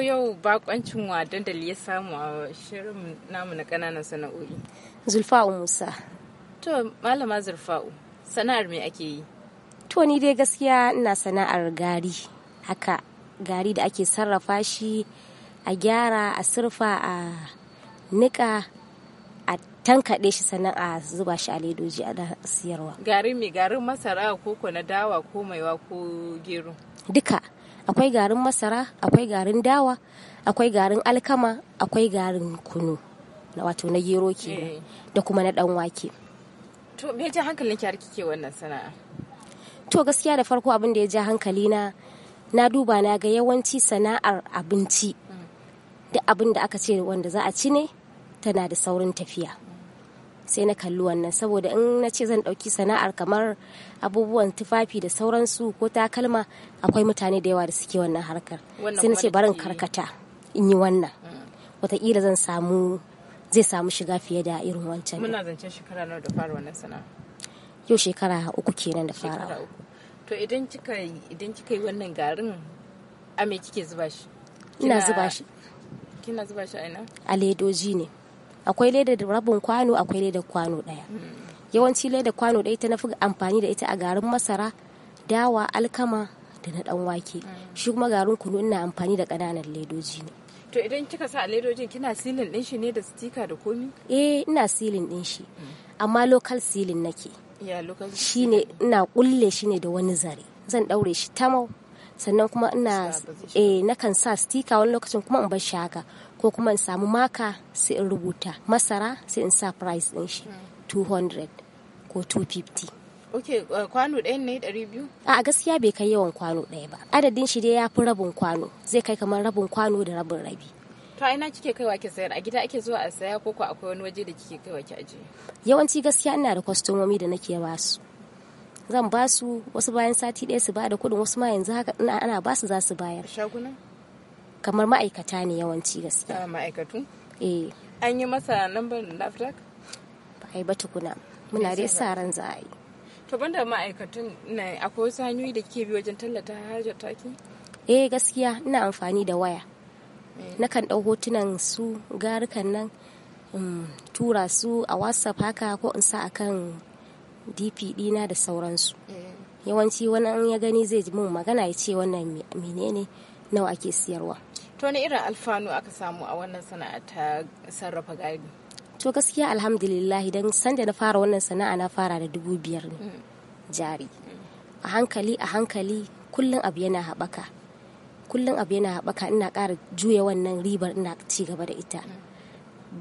ko yau bakoncin wa dandali ya samu a shirin namu na kananan sana'o'i. Zulfa'u Musa. To, malama Zulfa'u, sana'ar me ake yi? To, ni dai gaskiya ina sana'ar gari. Haka, gari da ake sarrafa shi a gyara, a surfa, a niƙa, a tankaɗe shi sannan a zuba shi a ledoji a siyarwa. Gari mai garin masara ko na dawa ko maiwa ko gero? Duka. akwai garin masara akwai garin dawa akwai garin alkama akwai garin kunu na wato na gero ke eh. da kuma na dan wake to me ya hankalin ki har wannan sana'a to gaskiya da farko abin da ya ja hankali na na duba na ga yawanci sana'ar abinci mm. duk abin da aka ce wanda za a ci ne tana da saurin tafiya sai na kalli wannan saboda in na ce zan ɗauki sana'ar kamar abubuwan tufafi da sauransu ko takalma akwai mutane da yawa da suke wannan harkar sai na ce barin karkata in yi wannan mm. wataƙila zan samu zai samu shiga fiye da irin wancan muna shekara nawa da fara wannan sana'a yau shekara uku kenan da fara to idan kika idan kika yi wannan garin a me kike zuba shi ina zuba shi kina zuba shi a ina a ledoji ne akwai leda da rabin kwano akwai leda kwano daya yawanci leda kwano daya ta na fi amfani da ita a garin masara dawa alkama da na dan wake shi kuma garin kunu ina amfani da kananan ledoji ne to idan kika sa ledojin kina silin din shi ne da stika da komi eh ina silin din shi amma local silin nake ya local shi ne ina kulle shi ne da wani zare zan daure shi tamau sannan kuma ina eh kan sa stika wani lokacin kuma in bar shi haka ko kuma in samu maka sai in rubuta masara sai in sa price din shi 200 ko 250 Ok, uh, kwano ɗaya ne ɗari biyu? A gaskiya bai kai yawan kwano ɗaya ba. Adadin shi dai ya fi rabin kwano, zai kai kamar rabin kwano da rabin rabi. To ina kike kaiwa ki sayar a gida ake zuwa a saya ko ko akwai wani waje da kike kaiwa ki ajiye? Yawanci gaskiya ina da kwastomomi da nake ba su. Zan ba su wasu bayan sati ɗaya su ba da kuɗin wasu ma yanzu haka ina ana ba su za su bayar. Shaguna? kamar ma'aikata ne yawanci gaskiya ah, ma'aikatu eh an yi masa lambar nafdak ba yi ba tukuna muna dai sa ran za a yi to banda ma'aikatun na akwai wasu hanyoyi da ke bi wajen tallata hajar taki eh gaskiya ina amfani da waya eh. nakan ɗau hotunan su garukan nan tura su a whatsapp haka ko in sa akan dp dina da sauransu eh. yawanci wani ya gani zai ji mun magana ya ce wannan menene nawa ake siyarwa to wani irin alfanu aka samu a wannan sana'a ta sarrafa gari to gaskiya alhamdulillah don sanda na fara wannan sana'a na fara da dubu biyar ne mm. jari mm. a hankali a hankali kullum abu yana haɓaka kullum abu yana haɓaka ina ƙara juya wannan ribar ina ci gaba da ita mm.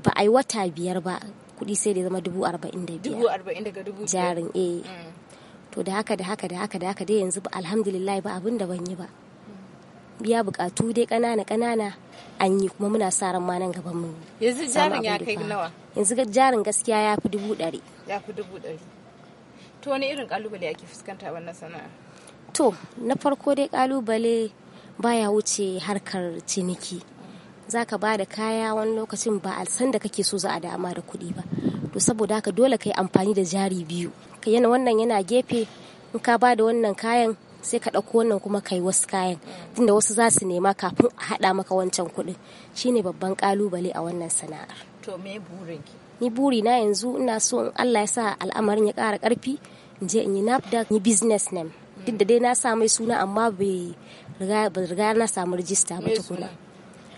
ba a yi wata biyar ba kuɗi sai da zama dubu arba'in da biyar dubu arba'in daga dubu jarin eh to da haka da haka da haka da haka dai yanzu alhamdulillah ba abin da ban yi ba biya bukatu dai kanana kanana an yi kuma muna sa ran ma nan gaban mu yanzu jarin ya kai nawa yanzu jarin gaskiya ya fi dubu ɗari ya fi dubu ɗari to wani irin kalubale ake fuskanta wannan sana'a to na farko dai kalubale baya wuce harkar ciniki za ka ba da kaya wani lokacin ba a san da kake so za a dama da kuɗi ba to saboda haka dole ka yi amfani da jari biyu yana wannan yana gefe in ka ba da wannan kayan sai ka ɗauko wannan kuma ka yi wasu kayan tunda wasu za su nema kafin a haɗa maka wancan kuɗin shine babban ƙalubale a wannan sana'ar. To me burinki? Ni buri na yanzu ina so in Allah ya sa al'amarin ya ƙara ƙarfi in je in yi NAFDAC ni business name duk da dai na sa mai suna amma bai riga na samu rijista ba tukuna.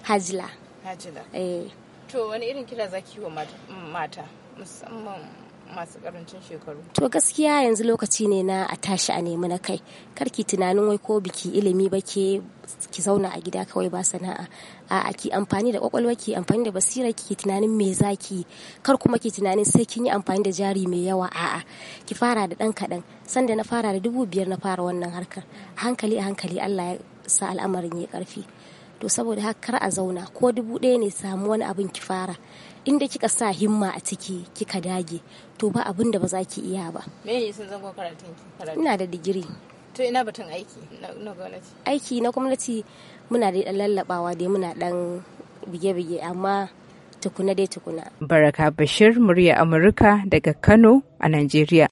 Hajila. Hajila. Eh. To wani irin kila zaki wa mata musamman masu karancin shekaru to gaskiya yanzu lokaci ne na a tashi a nemi na kai karki tunanin wai ko biki ilimi ba ke ki zauna a gida kawai ba sana'a a ki amfani da kwakwalwa ki amfani da basira ki tunanin me zaki kar kuma ki tunanin sai kin yi amfani da jari mai yawa a'a ki fara da dan kadan sanda na fara da dubu biyar na fara wannan harkar hankali a hankali Allah ya sa al'amarin ya karfi to saboda haka kar a zauna ko dubu ɗaya ne samu wani abin ki fara inda kika sa himma a ciki kika dage to ba abin da ba za ki iya ba me sun zango karatun ki ina da digiri to ina batun aiki na gwamnati aiki na gwamnati muna da dan lallabawa dai muna ɗan bige-bige amma tukuna dai tukuna baraka bashir murya amurka daga kano a najeriya